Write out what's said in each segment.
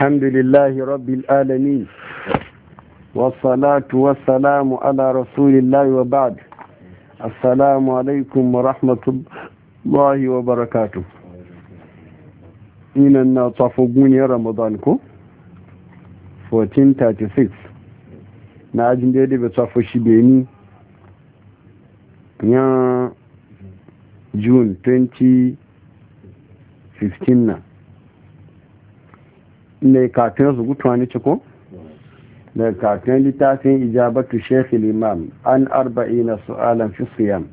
الحمد لله رب العالمين والصلاة والسلام على رسول الله وبعد السلام عليكم ورحمة الله وبركاته إن الناطفقون يا رمضانكم 1436 na ajin da ya dabe tsafo shi beni ya june 2015 na mai su gutuwa ne ciko da katin littafin ijabatu shekhi limam an arba'i na su'alan fi siyam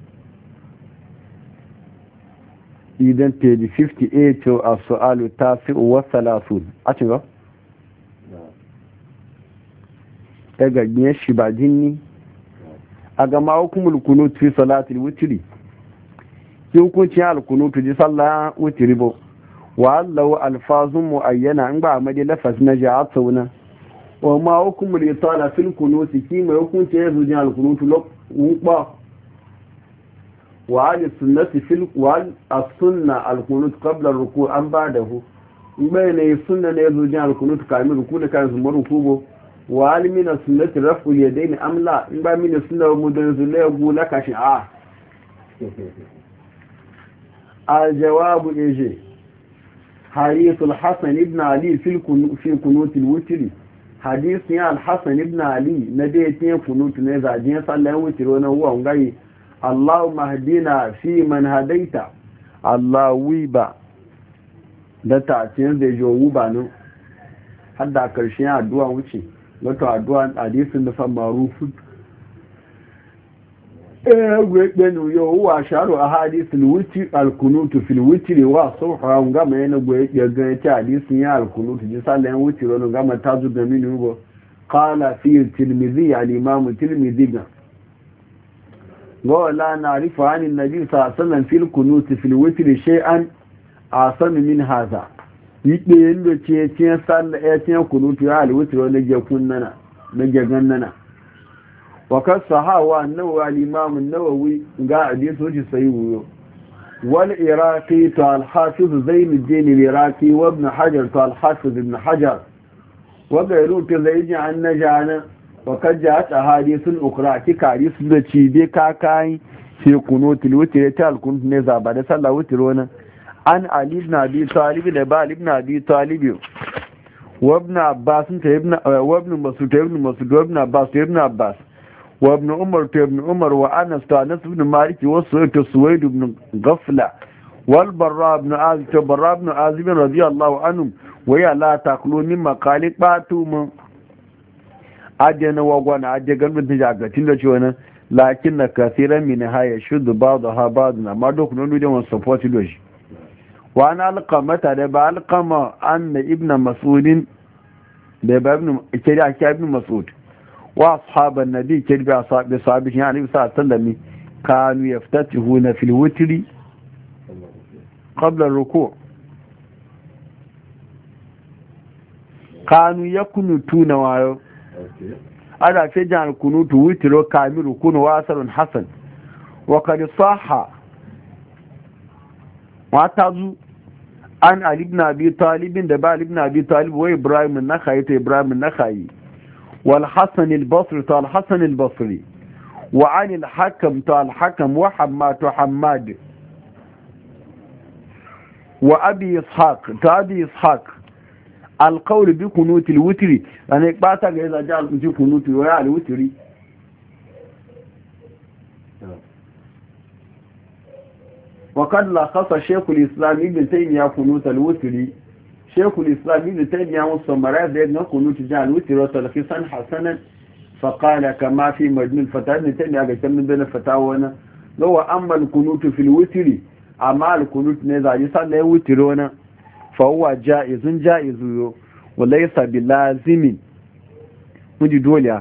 idan teji 58 a su'alu ta fi uwa salasun a ci ba? ta gaggiyar shi ba jini a gama hukumul kunutu fi salatul wuturi ki hukuncin alkunutu ji sallah wuturi ba. wa allahu alfazun muayyana in ba amadi lafas na ja'a tsauna wa ma hukumul itala fil su, ki mai hukunce ya zujin alkunutu lokpa wa ali sunnati fil wal as-sunna alkunut qabla ruku an ba'dahu bai ne sunna ne zujin alkunut kamin ruku da kan zumar rukubo wa ali min as-sunnati raf'u yadayn amla in ba min sunna mudan zulay gula kashi a al jawabu eje harisul hassan ibn ali fil kunutul wutiri hadisi ya al-hassan ibn ali na da yake kunutu ne zaje sallan wutiri wannan uwa ngai allahumma hadina fi man hadaita allah wiba da ta cin da jo hadda karshen addu'a wuce wato addu'a hadisin da fa egwe kpe na uyo wa sharu a hadisul wuti alkunutu fil wutiri wa sofa nga gama yana gwe kpe gan ta hadisun ya alkunutu ji sallan wuti rono nga ma ta zu ga mini ugo qala fi tilmizi al imam tilmizi ga wala na rifa anin nabi sallan fil kunuti fil wutiri shay'an asami min haza yiɗe yin da ce tiyan sallan ya eh, tiyan kunutu ya alwutiri rono ga nana na je gan nana wakar sahawa nawa limamin nawawi ga abin soji sai wuyo wani iraki to alhafizu zai mije ne iraki wabna hajar to alhafizu na hajar wadda ya rufe zai ji an na jana wakar ji hata hari sun ukura ki kari su da cibe kakayi ke kuno tilwuti ya ta alkuntun ne zaba da sallah wuti rona an alif na bi talibi da ba alif na bi talibi wabna abbas ta ibn wabna masud ibn masud wabna abbas ibn abbas وابن عمر ابن عمر وأنس أنس بن مالك وسويد سويد بن غفله والبراء بن عازب البراء بن عازب رضي الله عنهم ويا لا تاكلوا مما قال باتوم وغن اجن أجن بنت جاكتين لشونا لكن كثيرا هاي شد بعضها بعض ما دوك نريد أن سبورت لوجه وانا ألقمة لبا ألقمة ان ابن مسعود ده ابن كريع ابن مسعود wa ashaban nabi ke bi asabi sahabi ya nabi sa sallami kanu na fil witri qabla ruku' kanu yakunutuna wayo ada fe jan tu witro kamiru kunu wasarun hasan wa qad Saha, wa tazu an ali ibn abi talib da ba ali ibn abi talib wa ibrahim an-nakhai ta ibrahim an-nakhai والحسن البصري تاع الحسن البصري وعن الحكم تاع الحكم وحماد حماد وأبي إسحاق تاع أبي إسحاق القول بقنوت الوتر أنا يعني إقبعتك إذا جاء قنوت ويا الوتر وقد لخص شيخ الإسلام ابن تيمية قنوت الوتر shekul islam ibn taymiya mun summarize da yadda kunu tijan wutiro talqisan hasanan fa qala kama fi majnun fata ibn taymiya ga kan bin wani na lawa amma kunu kunut fil wutiri, amma al-kunut ne za yi sallai wutiro na fa huwa jaizun jaizu yo walaysa bilazimin muji dole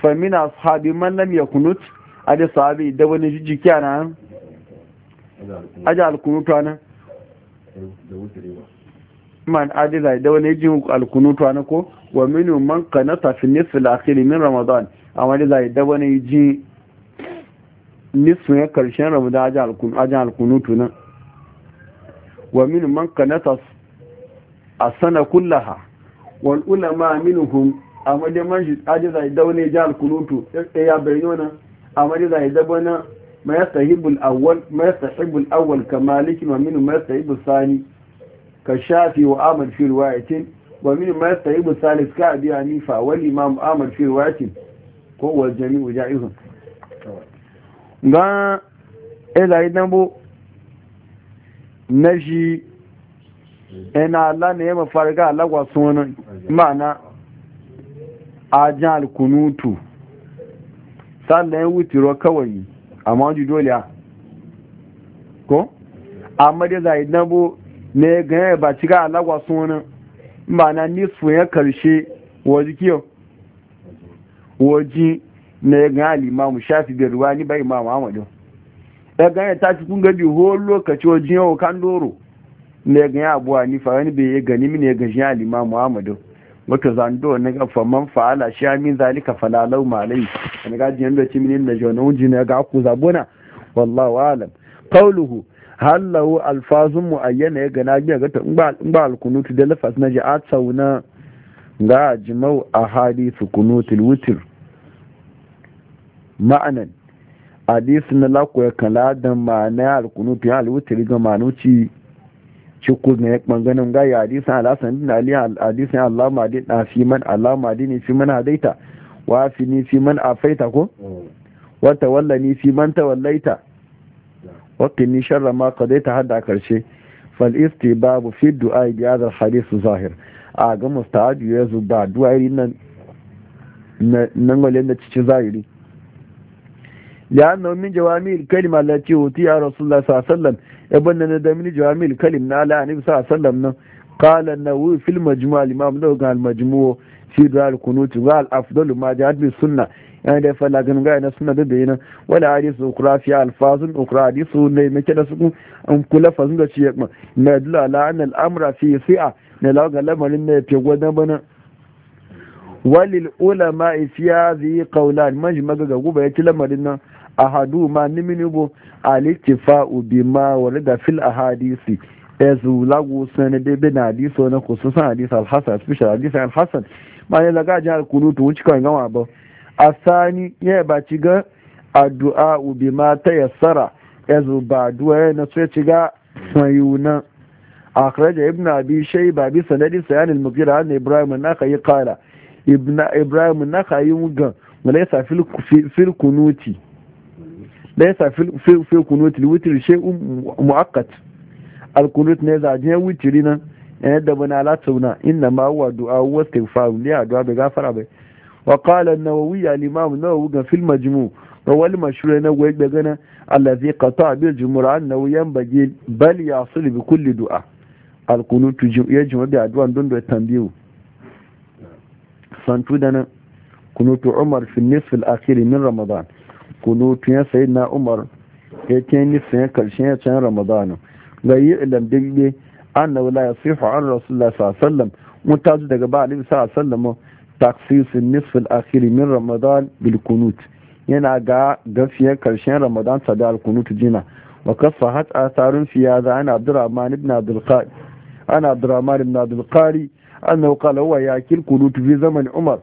fa min ashabi man lam yakunut ada sahabi da wani jijiki ana aja al-kunut ana man adiza da wani jin alkunutu na ko wa minu man kana ta fi nisfi akhiri min ramadan amma da da wani jin nisfin ya karshen ramadan ajin alkunutu nan wa minu man kanata a sana kullaha wal ulama minhum amma da man shi adiza da wani jin alkunutu ya bayyana amma da da wani ma ya sahibul awal kamaliki ma minu ma ya sani ka shafi wa amur fi ruwayatin ba minu ma ya sahibul salis ka biya nifa wani ma amur fi ruwayatin ko wal jami'u ja'izun ga ilayi dambo na shi ina allah ne ya mafarga alagwa sunan ma'ana ajan alkunutu sannan wutiro kawai amma wajen dole ko amma dai zai dabo ne ganye ba cika alagwa sun wani ba na nisu ya karshe waje kiyo waje na ganye alimamu shafi da ruwa ni bai imamu amadu ya ganye ta cikin gabi ho lokaci waje yau kan doro ne ganye abuwa ni fara ni bai gani mini ya gaji alimamu amadu wato zando na ga faman fa'ala shi min zalika falalau malai na ga jin da cimin da jona unji ne ga ku zabona wallahu alam qawluhu hal lahu alfazun muayyana ya ga na ga ta in ba alkunutu da lafas na ji a tsauna ga jimau ahadithu kunutul wutir ma'anan hadisi na lakwai kala da ma'ana alkunutu ya alwitr ga manuci cikku ne ɓangaren gaya hadisan alasan din ali hadisan allama din na fi man allama din fi man hadaita wa fi ni fi man afaita ko hmm. wa tawalla ni fi man tawallaita hmm. wa qini sharra ma qadaita hada karshe fal istibabu fi du'a bi hadha al hadith zahir a ga musta'ad ya zuba du'a nan nan wale da cikin zahiri لأنه من جوامي الكلمة التي أوتي رسول الله صلى الله عليه وسلم أبنى ندى من جوامي الكلمة لا صلى الله عليه وسلم قال أنه في المجموع الإمام له قال المجموع في دعاء القنوت قال أفضل ما جاءت بالسنة yana da falagan gaya na suna da bayanan wani hadisu ukura fi alfazun ukura hadisu ne mace da suku an kula fazun da ciye na dula la'an al'amura fi fi'a na lagar lamarin na fi gwada bana walil ulama ifiya zai yi kaula majima ga gaguba ya ci lamarin nan ahadu ma nimini bu alitifa ubi ma wani da fil ahadisi ezu lagu sani de na hadisi wani kususan hadisi alhassan special hadisi alhassan ma ne laga ajiyar kunu to wuce kawai gama ba a sani ya ba ci ga addu'a ubi ma ta yassara ezu ba addu'a ya na sai ci ga sayuna akhraj ibn abi shayba bi sanadi sayan al-mughira Ibrahim, ibrahim naka yi qala ibn ibrahim naka yi mugan wala yasa fil kunuti laisa fi kunutul witr shay'un muaqqat al kunut ne za je witri nan eh da bana la tauna inna ma huwa du'a wa istighfar li addu'a bi gafara bai wa qala an-nawawi al-imam an-nawawi ga fil majmu' wal mashru na goyi daga nan allazi qata bil jumhur annahu yanbaghi bal yasil bi kulli du'a al kunut yajma bi addu'a don da tambiyu santu da nan kunutu umar fi nisf al-akhir min ramadan kunutun ya sai na umar ya ke nufin karshen ya can ramadana ga yi ilam digbe an na wula ya sihu an rasulullah sallam mutaji daga ba alibi sallam taksisin nisfin akhiri min ramadan bil kunut yana ga gafiyar karshen ramadan ta da alkunut jina wa kasa hat a tarin fiya za ana abdurrahman ibn abdulkari ana abdurrahman ibn abdulkari annahu qala huwa yakil kunut fi zaman umar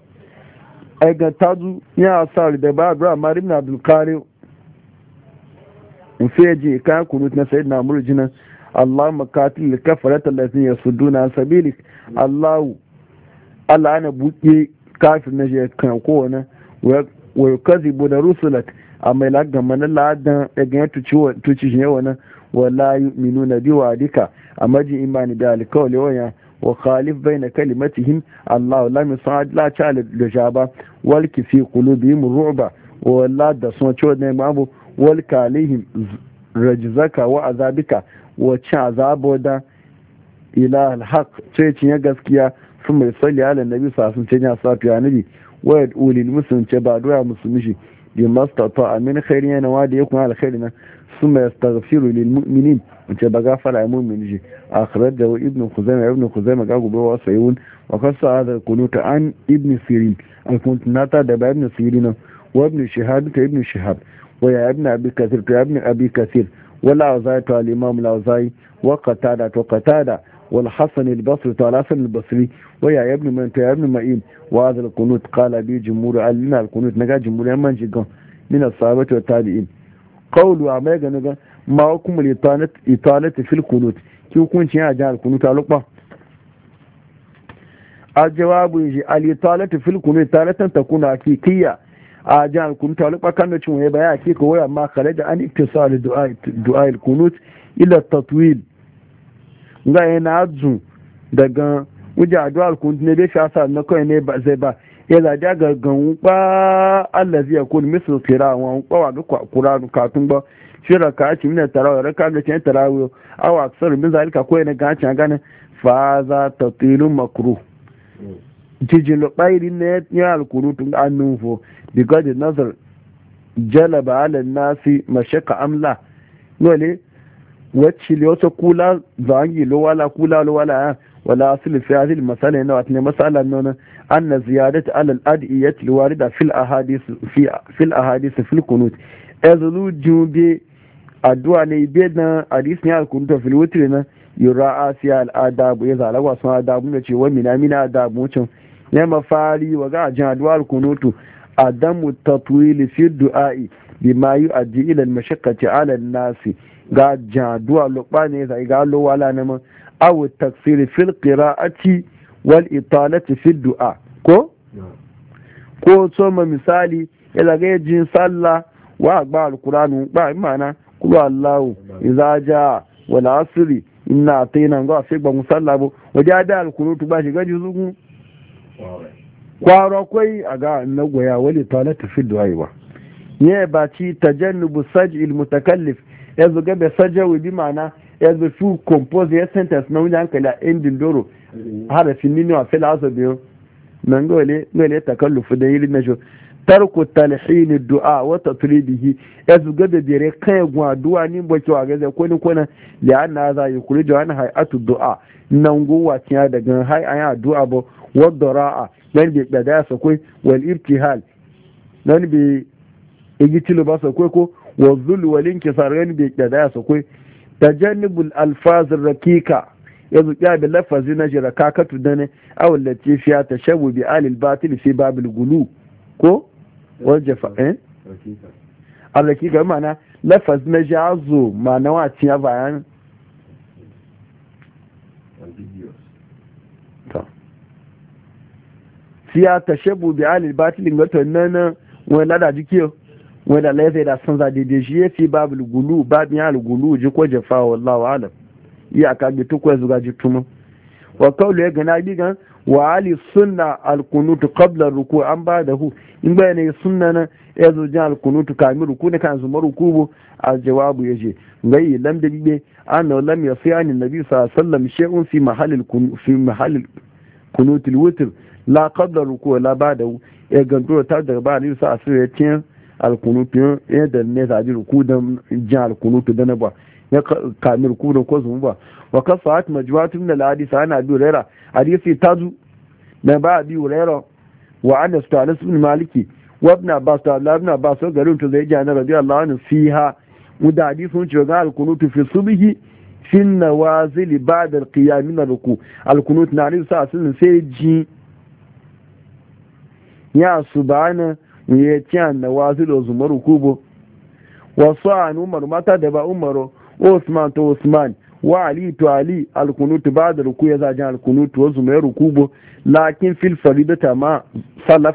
aigan tazu ya asar da ba abu amma rimna abdulkari in fiye ji kayan kunut na sayid na murjina allah makatil da kafara tallafin ya su duna sabilik allahu allah ana buɗe kafin na shi kan kowane wa yukazi bu da rusulat amma ila gama na ladan daga ya tuci shi yawa na wala yu'minu na wa dika amma ji imani da alkawali wanya wa khalif bai na Allah lam yusad la ta da jaba wal kifi qulubihim ru'ba wa la da sun ciwo ne mabu wal kalihim rajzaka wa azabika wa ci azabo da ila alhaq sai cinye gaskiya sun mai salli ala nabi sasun ce ya safiya nabi wa yad'uli musulunce ba doya musulmi shi bi mastata amin khairin yana wa da yakun alkhairin sun mai astaghfiru lil mu'minin ce ba gafara ya mumin ji a kharar da ibn kuzaima ibn kuzaima ga gobe wa sayun wa kasa hada kunuta an ibn sirin al kuntunata da ba ibn sirin wa ibn shihab ta ibn shihab wa ya ibn abi kasir ta ibn abi kasir wala azai ta al imam wa qatada to qatada والحسن البصري تعالى الحسن البصري ويا ابن من يا ابن معين وهذا القنوت قال به جمهور علينا القنوت نجا جمهور من جيغان من الصحابه والتابعين قولوا اما يغنغا ma hukumul italati fil kunut ki hukuncin a jihar kunut a lukpa a jawabu yaji al italati fil kunut italatan takuna haqiqiyya a jihar kunut a lukpa kan da cin waye baya hakika waya amma da an iktisal du'a du'a al kunut ila tatwil ga yana azu daga wuja addu'a kunut ne bai shasa na kai ne ba zai ba ya zaja ga ganwa allazi kun misal kira wa qawa ga qur'anu katun ba fi ka min tarawih raka'a da cin tarawih aw aksar min zalika ko ne ga cin gane fa za tatilun makruh jijin lo bayri ne ya alqunutun annufo because da nazar jalaba ala nasi mashaka amla wale wacce le wata kula zangi lo wala kula lo wala ولا أصل في هذه المسألة إنه أتني مسألة أنه أن زيادة على الأدعية الواردة في الأحاديث في, في في القنوت ezulu jumbe addu'a ne be na hadisin alkun kunta fil witr na yura asiya al adabu ya zalagwa sun adabu ne ce wa mina mina adabu mutum ne ma fari wa ga ajin addu'a al adamu tatwil fi du'a'i yu yu'addi ila al mashaqqati ala al nas ga jadu'a ne sai ga lo wala ne ma aw taksiri fil qira'ati wal italati fi du'a ko ko so ma misali ila ga jin sallah wa agba alkur'anu ba imana kulu allahu idza jaa na asri atina ngo afi gba musalla bo waje ada alkurutu ba shiga juzugu kwaro kwai aga na goya wali talata fi duwaiwa ye ba ci tajannubu sajil mutakallif yanzu ga be sajawi bi mana yanzu su compose ya sentence na hankali nan gole gole takallufu da yiri na tarku talhin du'a wa tatribihi yazga da dire kai gwa du'a ni ba kiwa ga zai koni kona li anna za yukhriju an hay'atu du'a nan gowa tiya daga hay an du'a bo wa dara'a nan bi da sa koi wal ibtihal nan bi igitilo ba sa koi ko wa zul wal inkisar nan bi da sa koi tajannibul alfaz rakika yanzu ya bi lafazi na jira kakatu dane awallati fiya tashawu bi alil batil fi babil gulu ko wajen fa'in alakika eh? mana lafaz na jazo mana wacin ya bayan siya ta shebu bi alil batilin wato nan wani lada jikiyo wani da laifai da sun za daidai shi ya fi babu gulu babin ya gulu ji ko jafa wallahu alam iyaka ga tukwai zuga ji tumun wa kaulu ya gana digan wa ali suna alkunutu qabla ruku an ba da hu in bayanai ne sunna na ya zo alkunutu kami ruku ne kan zuma a jawabu ya je. gai lam da bibe an lam ya fi ani nabi sallallahu alaihi wasallam shay'un fi mahallil fi mahallil kunutul witr la qabla ruku la ba da hu ya da ta daga ba ni sa asiri ya alkunutu ya da ne sa ruku don jan alkunutu da na ba ya kamir kuna ko su ba wa kasat majwatun lal hadith ana bi rera hadisi tazu na ba bi rera wa anas ta anas ibn maliki wa ibn abbas ta Allah ibn abbas ga garin to zai ji annabi radiyallahu anhu fiha muda hadisun ce ga alkunutu fi subhi fi nawazil ba'd alqiyam min ruku alkunut na ne sa sun sai ji ya subhana ya ci annawazil zumaru kubo wasu an umaru mata da ba umaru Osman to Osman wa Ali to Ali alkunutu ba da ruku ya zajen alkunutu wasu ruku bo lakin fil faridata ma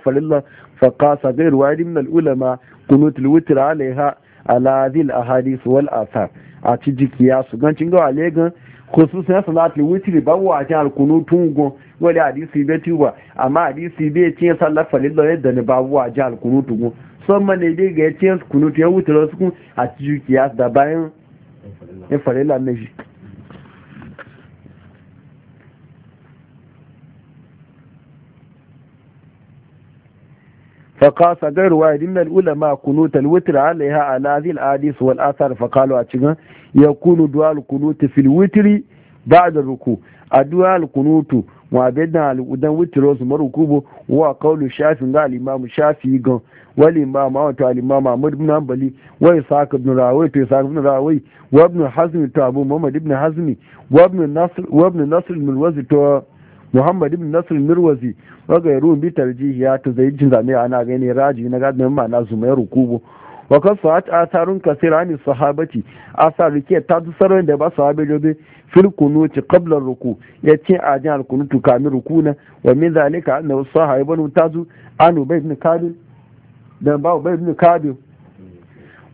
falilla fa qasa ghayr wa al ulama al witr alaiha ala al ahadith wal athar a ci jikiya su gancin ga alegan khususan al witr ba wa ta alkunutun go wani hadisi bai tuba amma hadisi be cin sallah falilla yadda ne ba wa ta alkunutun go son ma ne dai ga cin kunutu ya wutar su kun a ci jikiya da bayan Faƙa tsagayar waye dillal ulamar kunu ta luitari har na yi ha'a na ajiye aji su Wal'adu ta Rufa'u da ya cika ya kula da waɗannan بعد الركوع الدعاء القنوت وابدنا الودن وتروس مركوب وقول الشافعي قال الإمام الشافعي قال والإمام أوت الإمام أحمد بن حنبلي وإسحاق بن راوي وإسحاق بن راوي وابن حزم تابو محمد بن حزم وابن نصر وابن نصر المروزي تو محمد بن نصر المروزي وغيرهم بترجيحات زي جنزامي أنا غني راجي نقعد من معنا زمير ركوبه wa kasuwat asarun kasira ne sahabati asar rike ta du sarar da ba sahabe jobe fil kunuti qabla ruku ya ce a jin al kunutu kamin rukuna wa min zalika anna sahaban tazu an ubay ibn kabil dan ba ubay ibn kabil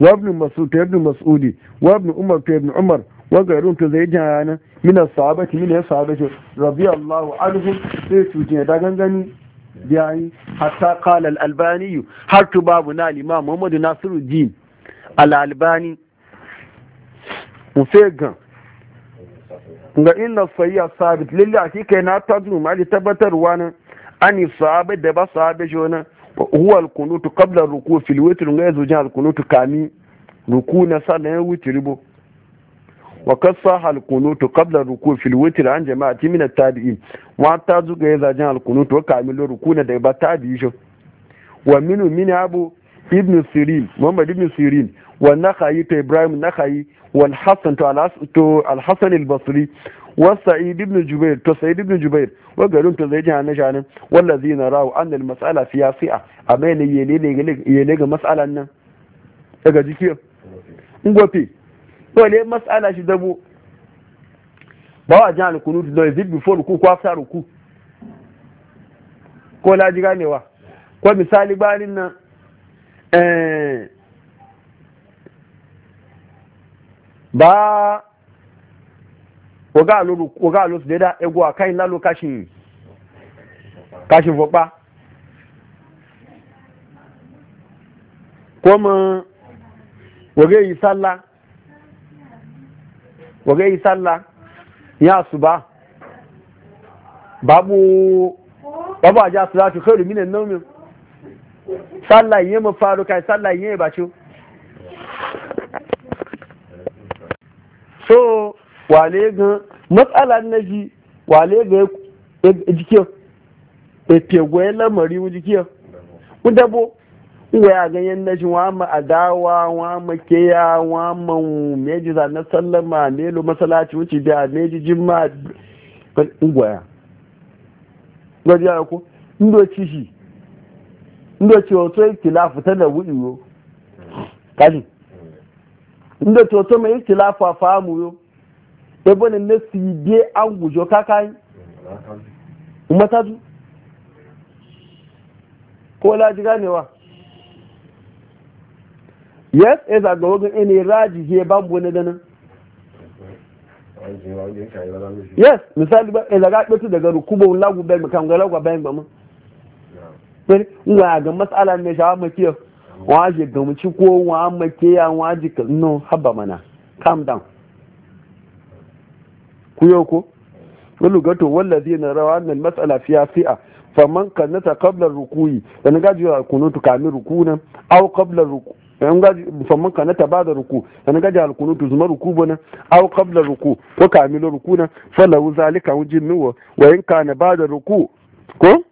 wa ibn mas'ud ibn mas'udi wa umar ibn umar Wani gairun to zai jana min sahabati min sahabati radiyallahu anhu sai tuje da gangani biyayi hatta qala al-albani har tu babu na limam imam Muhammad Nasiruddin al-albani mu fegan ga inna sayya sabit lillahi hakika na tazmu ma tabbatarwa nan ani sahabe da ba sahabe jona huwa al-qunut qabla ruku witr ngai zuja al kami ruku na sallan witr Ribo. wa kasa halkunutu qabla ruku fil witr an jama'ati min at-tabi'in wa ta zuga ya zajen halkunutu wa kamilu na da ba tabi'i shi wa minu min abu ibn sirin muhammad ibn sirin wa nakhayi to ibrahim nakhayi wal hasan to al-hasan al-basri وسعيد بن جبير تو سعيد بن جبير وقالون تو زي جهان جهان a راوا ان المساله فيها فئه امين يلي يلي يلي مساله نن daga jiki ngofi wale mas'ala shi dabo ba wa jan alkunut don is it before ruku ko after ruku ko laji ganewa ko misali banin nan eh, ba oga alo su da ego a kain lalo kashin kashin fokpa ma oge yi sallah waga yi sallah ya ba babu babu a ja su za su kai ruminan sallah yi mu sallah yi wale gan matsalar na ji wale ga jikiyar efe goyi lamari jikiyar ku ina ya ganyen na shi "Wa ma adawa wama keya ma meji na sallama melo masalaci wuce biya meji jimma ngwaya gwaji ya ku ci shi ndoci wato ikilafu ta da wuɗi yo kaji ci wato mai ikilafu a famu yo ebe ne na si biye an gujo kakai umatatu ko laji ganewa yes e za ga wogan ene raji je bambu na dana yes misali ba e za ga betu daga rukubo lagu bai makan ga lagu bai ba mu pere nga ga masala ne shawa makiyo wa je ga mu ci ko wa make ya wa ji no haba mana calm down ku yo ko kullu gato wallazina rawana al-mas'ala fiya fi'a faman kanata qabla ar-ruku'i dan gaji kunutu kamin rukuna aw qabla ar yan ga musamman ka na taba da ruku na gaji alkunu tu zuma ruku bana aw qabla ruku ko kamilu ruku na falahu zalika wajin nuwa wa in na ba da ruku ko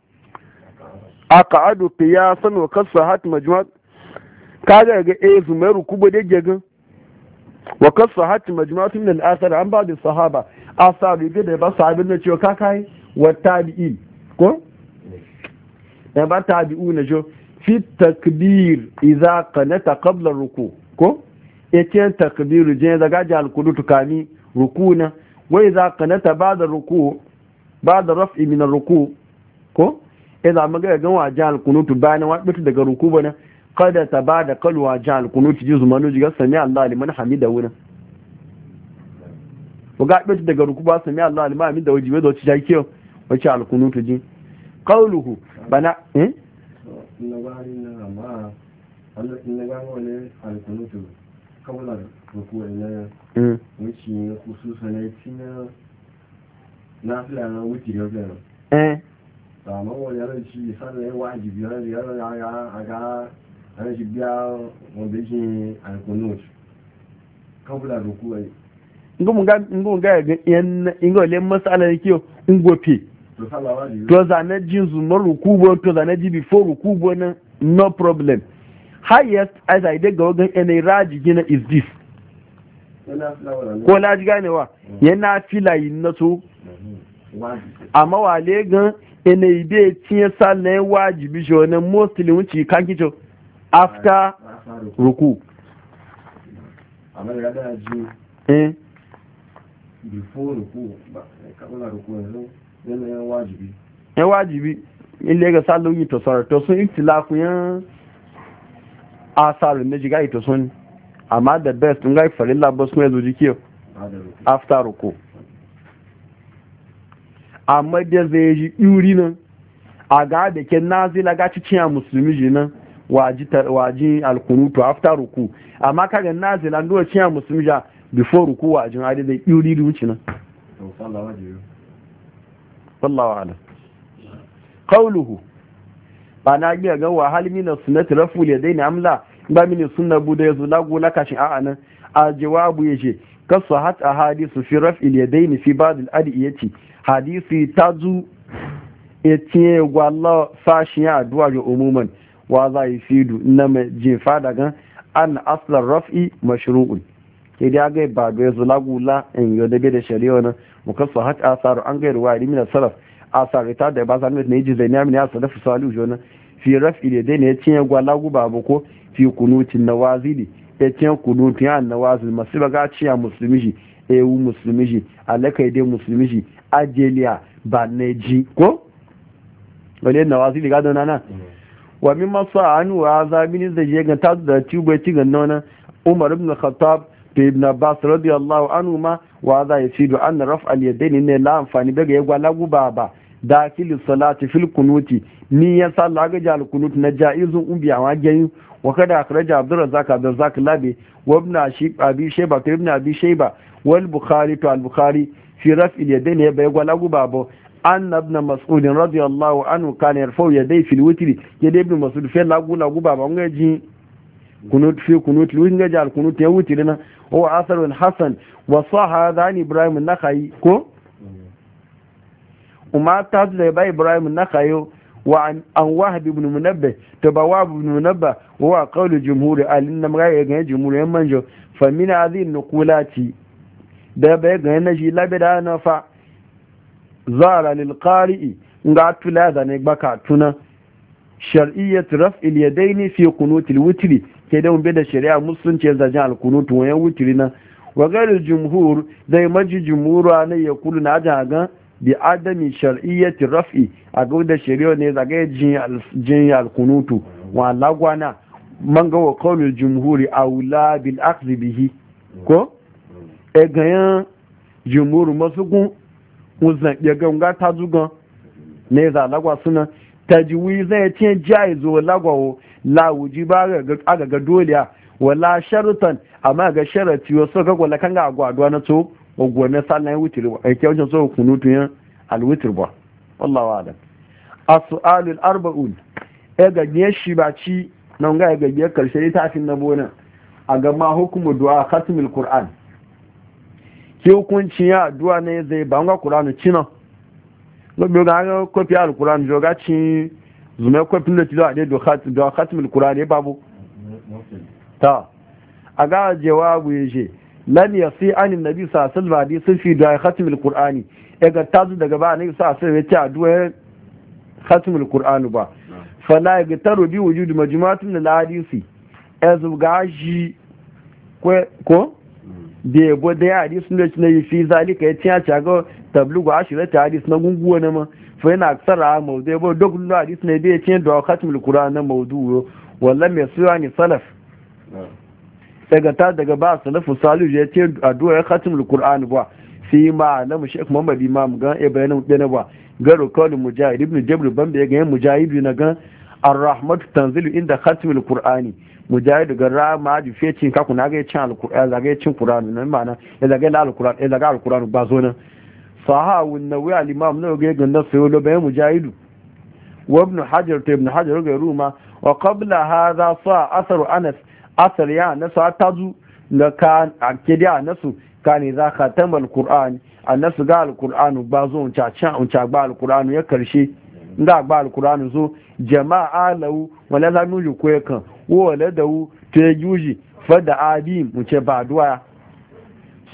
aqadu qiyasan wa kasahat majma Ka ga e zuma ruku ba dai gan wa kasahat majma min al asar an ba da sahaba asabi da ba sahabin ne cewa kakai wa tabi'in ko ya ba tabi'u na jo fi takbir iza qanata qabla ruku ko yace takbiru je daga jal kudutu kani rukuna wa iza qanata ba'da ruku ba'da raf'i min ruku ko idza maga ga wa jal kunutu bayan wa bitu daga ruku bana kada ta bada kalwa jal kunutu ji zumanu ji ga sami Allah liman hamida wurin ga bitu daga ruku ba sami Allah liman hamida wajibe da wacce jakiyo wacce al kunutu ji qawluhu bana eh ìnàgbà nínú àmà ìnàgbà wọn ní alìkùnútò kọ́bùlà rùkú ẹ̀nà wíṣì kùsù sọ̀nà tí náà fìlà náà wíṣì rẹ̀ bẹ̀rẹ̀. àmọ́ wọn yàrá ìṣí ìsàlẹ̀ wá ìjìbì yàrá àga àrẹ ti bí wọn bẹ ṣe alìkùnútò to zane jin zunar rukubo to zane ji before rukubo na no problem highest as i daga wagan yana raji gina is this ko laji ganewa mm. yana filayi na so amma wa wale gan yana ibe tiye sallayin wajibi shi wani mostly wuce kan kicin after ruku amma da gada ji before ruku ba kakula ruku yanzu yan uh, wajibi ilé ga sálò yìí tó sọ̀rọ̀ tó sún ìtìlákùn yán asàrò méjì yi tó sún àmá the best ń gáyì fẹ̀rẹ̀ lábọ́ sún ẹ̀lú jíkí after roko amma da zai ji ɗuri nan a ga da ke nazi laga cikin a musulmi ji nan waji alkunutu after ruku amma kaga nazi landuwa cikin a musulmi ja before ruku wajin adidai ɗuri da wuce nan sallallahu alaihi qawluhu ba na ga wa hal min sunnati rafu yadaini amla ba min sunna bu da yazo lagu na kashin a anan a jawabu yace kasahat ahadithu fi raf'il yadaini fi ba'd al-adiyati hadisi tazu yace gwalla sashin addu'a ga umuman wa za yi fidu na mai jefa daga an aslar raf'i mashru'un sai dai ga ba ga yanzu lagula in yau da da shari'a wani mukaffa hat asaru an ga ruwa ilimin salaf asaru ta da ba sa nuna ne jizai ne amina sa dafa salu jona fi raf'i da dai ne ya cinye gwa lagu ba ko fi kunutin nawazili ya cinye kunutin an nawazil masu ba ga ciya musulmi shi ewu musulmi shi alakai dai musulmi shi ajeliya ba na ji ko wale nawazili ga dona na wa min masu hannu wa azabini zai je ga ta da tubai tigan nona umar ibn khattab to ibn abbas radiyallahu anhu wa za ya cido an raf al yadaini ne la amfani daga ya gwala guba ba dakilu salati fil kunuti ni ya salla ga jal kunut na jaizun ubiya wa gayu wa kada akraja abdur razzaq abdur razzaq labi wa ibn ashib abi shayba to ibn abi shayba wal bukhari to al bukhari fi raf al yadaini ya bai gwala guba ba an ibn mas'ud radiyallahu anhu kana yarfau yadai fil witri ya ibn mas'ud fe la gula guba ba ngai ji kunut fi kunut lu ngai jal kunut ya witri na wa asarun hassan wa saha zani ibrahim nakhai ko umar ta da ba ibrahim nakhayo wa an wahab ibn munabbah to ba wahab ibn munabbah wa qawlu jumhur alin nam ga ga jumhur yan manjo fa min hadhihi nuqulati da ba ga na shi labida na fa zara lil qari'i nga tula da ne baka tuna shar'iyyat raf'il yadaini fi qunutil witri ke da umbe da shari'a musulunci yanzu jin alkunutu wayan wutiri na wagar jumhur zai maji jumhura ne ya kulu na ajin gan bi adami shar'iyyati raf'i a ga da shari'a ne zagaye jin alkunutu wa lagwana man ga wa kawulul jumhuri aula bil akhdhi bihi ko e ganyan jumhur masugun uzan ya ga nga tazugan ne za lagwa suna tajwi zai cin jaizo lagwawo la wujiba aga ga doliya wala sharutan amma ga sharati wasu ga gwala kan ga a na to ogwone sallan ya wutir ba ake wajen so kunutu yan alwitir ba wallahu adam as-su'al al-arba'un e ga ne shi ba ci nan ga ga ga karshe ta tin na bona a ga ma hukumu du'a khatmil qur'an ki hukunci ya du'a ne zai banga qur'anu cina lobe ga ko fi al-qur'an joga cin zuma kwafin da ci zuwa ne da khatimul kurani babu ta a ga jawabu ya lam yasi anin nabi sa salma di sun fi da khatimul kurani ya ga tazu daga ba nabi sa salma ya ce a mil khatimul ba fala ya ga taro bi wujudu majmu'atun lil hadisi ya zuga shi ko da ya gode hadisi ne fi zalika ya ce ya ce ga tablugu ashirat hadis na gunguwa na ma fa yana aksara ya ba duk lu hadis ne bai cin da khatmul qur'an na Maudu mawdu wallan mai suya ni salaf daga ta daga ba salafu salih ya ce a addu'a khatmul qur'an ba fi ma na mu shek mu imam ga ibrahim dana ba ga rukul mujahid ibn jabr bambe ga mujahid na ga ar-rahmat tanzilu inda khatmul qur'ani mujahid ga rama ji fecin ka kuna ya cin al-qur'an ga cin qur'an nan ma'ana ya ga al-qur'an ya ga al-qur'an ba zo nan sahawun nawi al-imam nawawi ganda sayo lo bayan mujahidu wa ibn hajar ta ibn hajar ga ruma wa qabla hadha sa asar anas asar ya nasu tazu na kan akida nasu kani za ka tamal qur'an annasu ga al-qur'anu ba zo unca unca ba al-qur'anu ya karshe nga ba al-qur'anu zo jama'a law wala la nuju ko yakan wala dawu te yuji fada abi mu ce ba duwa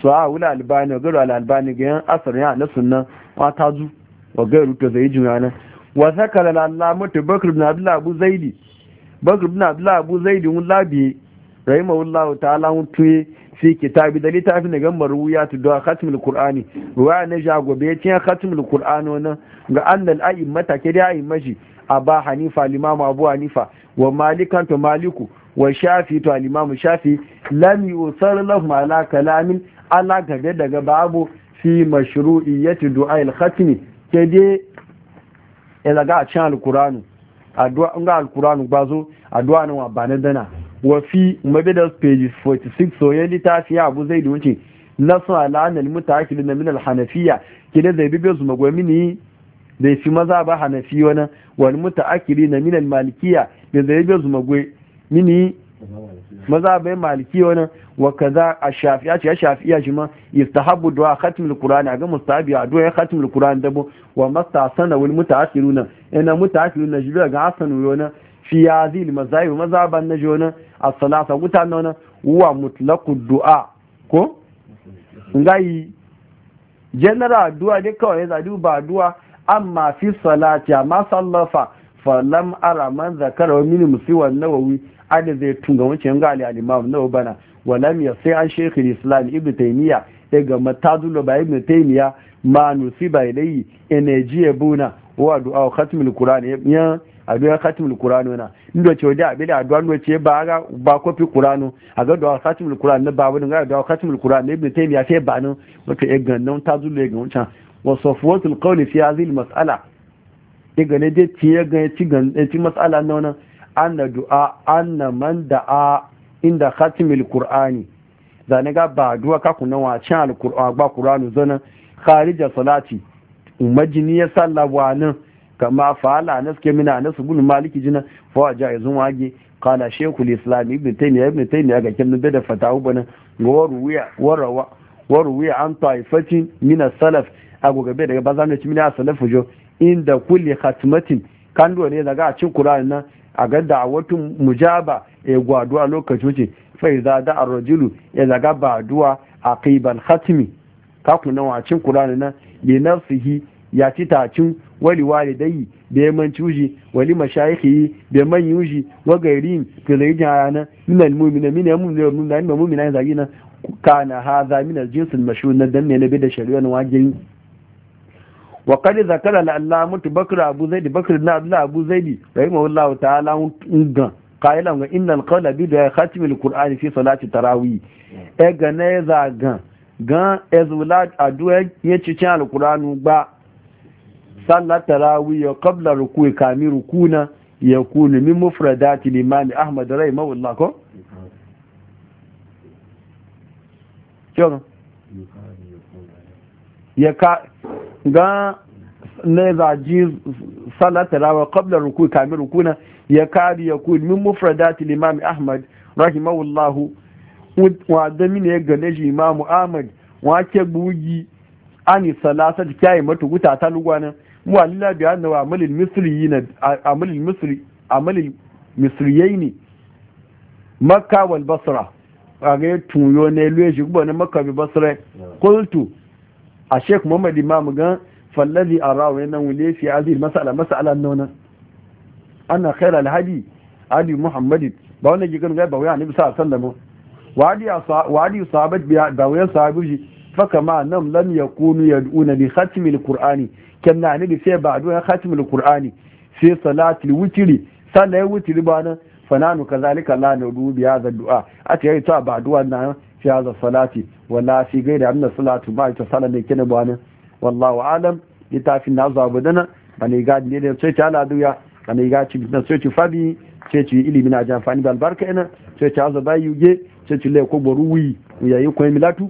a ah, wula albani gairu al'albani ga yan asar ya na sunna mata zu wa gairu ta zai juna na wa kala lalamu ta bakr bin na abu zaidi bakr na abu abu zaidi wun labi rahimahullah ta'ala mun tuye fi kitabi da littafin da gamba ruwa ta da khatmul qur'ani ruwa na gobe ya ce khatmul qur'ani wannan ga annal mata ke da a aba hanifa limamu abu hanifa wa malikan to maliku wa shafi to alimamu shafi lam yusar lahum ala kalamin ala gabe daga babu fi mashru'iyyati du'a'il khatmi ke dai ila ga cin alqur'ani addu'a ga alqur'ani bazo addu'a nan wa bana dana wa fi mabida page 46 so ya litafi abu zai wuce nasu ala anil mutaakilin min al hanafiya kida zai bibe su magwamini zai fi maza ba hanafi wani wani akiri na minan malikiya da zai bibe zuma magwe mini maza bai maliki wani wa kaza a shafiya ce ya shafiya shi ma istahabu du'a khatmul qur'ani aga mustahabi a du'a khatmul qur'ani dabo wa mastasana wal mutaakhiruna ina mutaakhiruna shi ga hasanu yona fi yazil mazahib maza ban na jona as-salasa mutana wana wa mutlaqu du'a ko ngai general du'a ne kawai za duba du'a amma fi salati amma sallafa falam ara man zakara wa min musiwan nawawi ada zai tunga wancan ga ali al-imam na bana walam ya sai an shaykh islam ibn taymiya ya ga matazul ba ibn taymiya ma nusiba ilayhi energy buna wa du'a khatmul qur'an ya addu'a khatmul qur'an na ndo ce da bi da addu'a ndo ce ba ga ba kofi qur'anu a ga du'a khatmul qur'an na babu ga du'a khatmul qur'an ibn taymiya sai ba nan wato ya ga nan tazul e ga wancan wa safwatul qawli fi hadhihi al-mas'ala ya ga ne dai ci ga ci ga ci mas'ala An na du'a na man da'a inda khatimil qur'ani zane ga ba du'a ka kuna wacin alqur'an ba qur'anu zana kharija salati umajini ya wa nan kama fa'ala anas ke mina anas ibn maliki jina fa jaizun wage qala shaykhul islam ibn taymiyyah ibn taymiyyah ga kin da fatawu bana waruwiya warawa waruwiya an ta'ifati min salaf ago gabe daga bazan ne min salafu jo inda kulli khatmatin kan dole ne daga cin qur'an nan a ga da'awatu mujaba ya gwaduwa lokacin wuce fai za da a rajulu ya zaga baduwa a kaiban hatimi kaku na wacin kurani na na nafsihi ya ci tacin wali dai da ya manci uji wali mashayikhi da man yuji wa gairin ka zai jin ayana min almu'mina min almu'mina min almu'mina zagi na kana hadha min aljins almashhur na dan na bi da shari'a na wajen wa kad zakara Allah mutu bakr abu zaid bakr ibn abdullah abu zaid rahimahullahu ta'ala ngan qailan wa innal qawla bi da khatm al-qur'ani fi salati tarawih e gane za gan gan ezula addu'a yace cin al-qur'anu ba sallat tarawih qabla ruku'i kami rukuna yakunu min mufradati al-imam ahmad rahimahullahu ko ya ka ga na zaji salata rawa kabla ruku kamar rukuna ya kari ya kun min mufradati limam ahmad rahimahullahu wa da mini gane shi imam ahmad wa ke bugi ani salasa ta kai mata guta ta lugwana mu alila bi anna wa amalil misriyina amalil misri amalil misriyaini makka wal basra ga tuyo ne lwe shi gubana makka bi basra qultu a sheik muhammad imam gan fallazi ne nan wule fi azir masala masala nona ana khaira alhadi ali muhammad ba wannan ji kan ba waya annabi sallallahu alaihi wasallam wadi wadi sahabat biya da wayan sahabi fa kama nam lam yakunu yad'una bi khatmi alqur'ani kanna annabi sai ba addu'a khatmi alqur'ani sai salati witri sallai witri ba nan fananu kazalika la nadu ya da du'a a ta yi ba addu'a nan fi hadha salati wala fi gaida amna salatu ba ta sala ne kina bana wallahu alam litafin na zuwa budana bane ga ne da sai ta ya, bane ga ci bin sai ci fabi sai ci ilimi na jan fani barka ina sai ta azaba bai yuge sai ci le ko boru wi yi ko milatu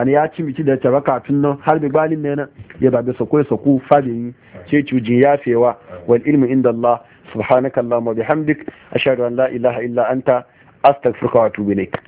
bane ya ci miki da taraka tun nan har bi balin ne na ya da sako sako fabi sai ci jin fewa wal ilmu inda Allah subhanakallahumma bihamdik ashhadu an la ilaha illa anta astaghfiruka wa atubu ilayk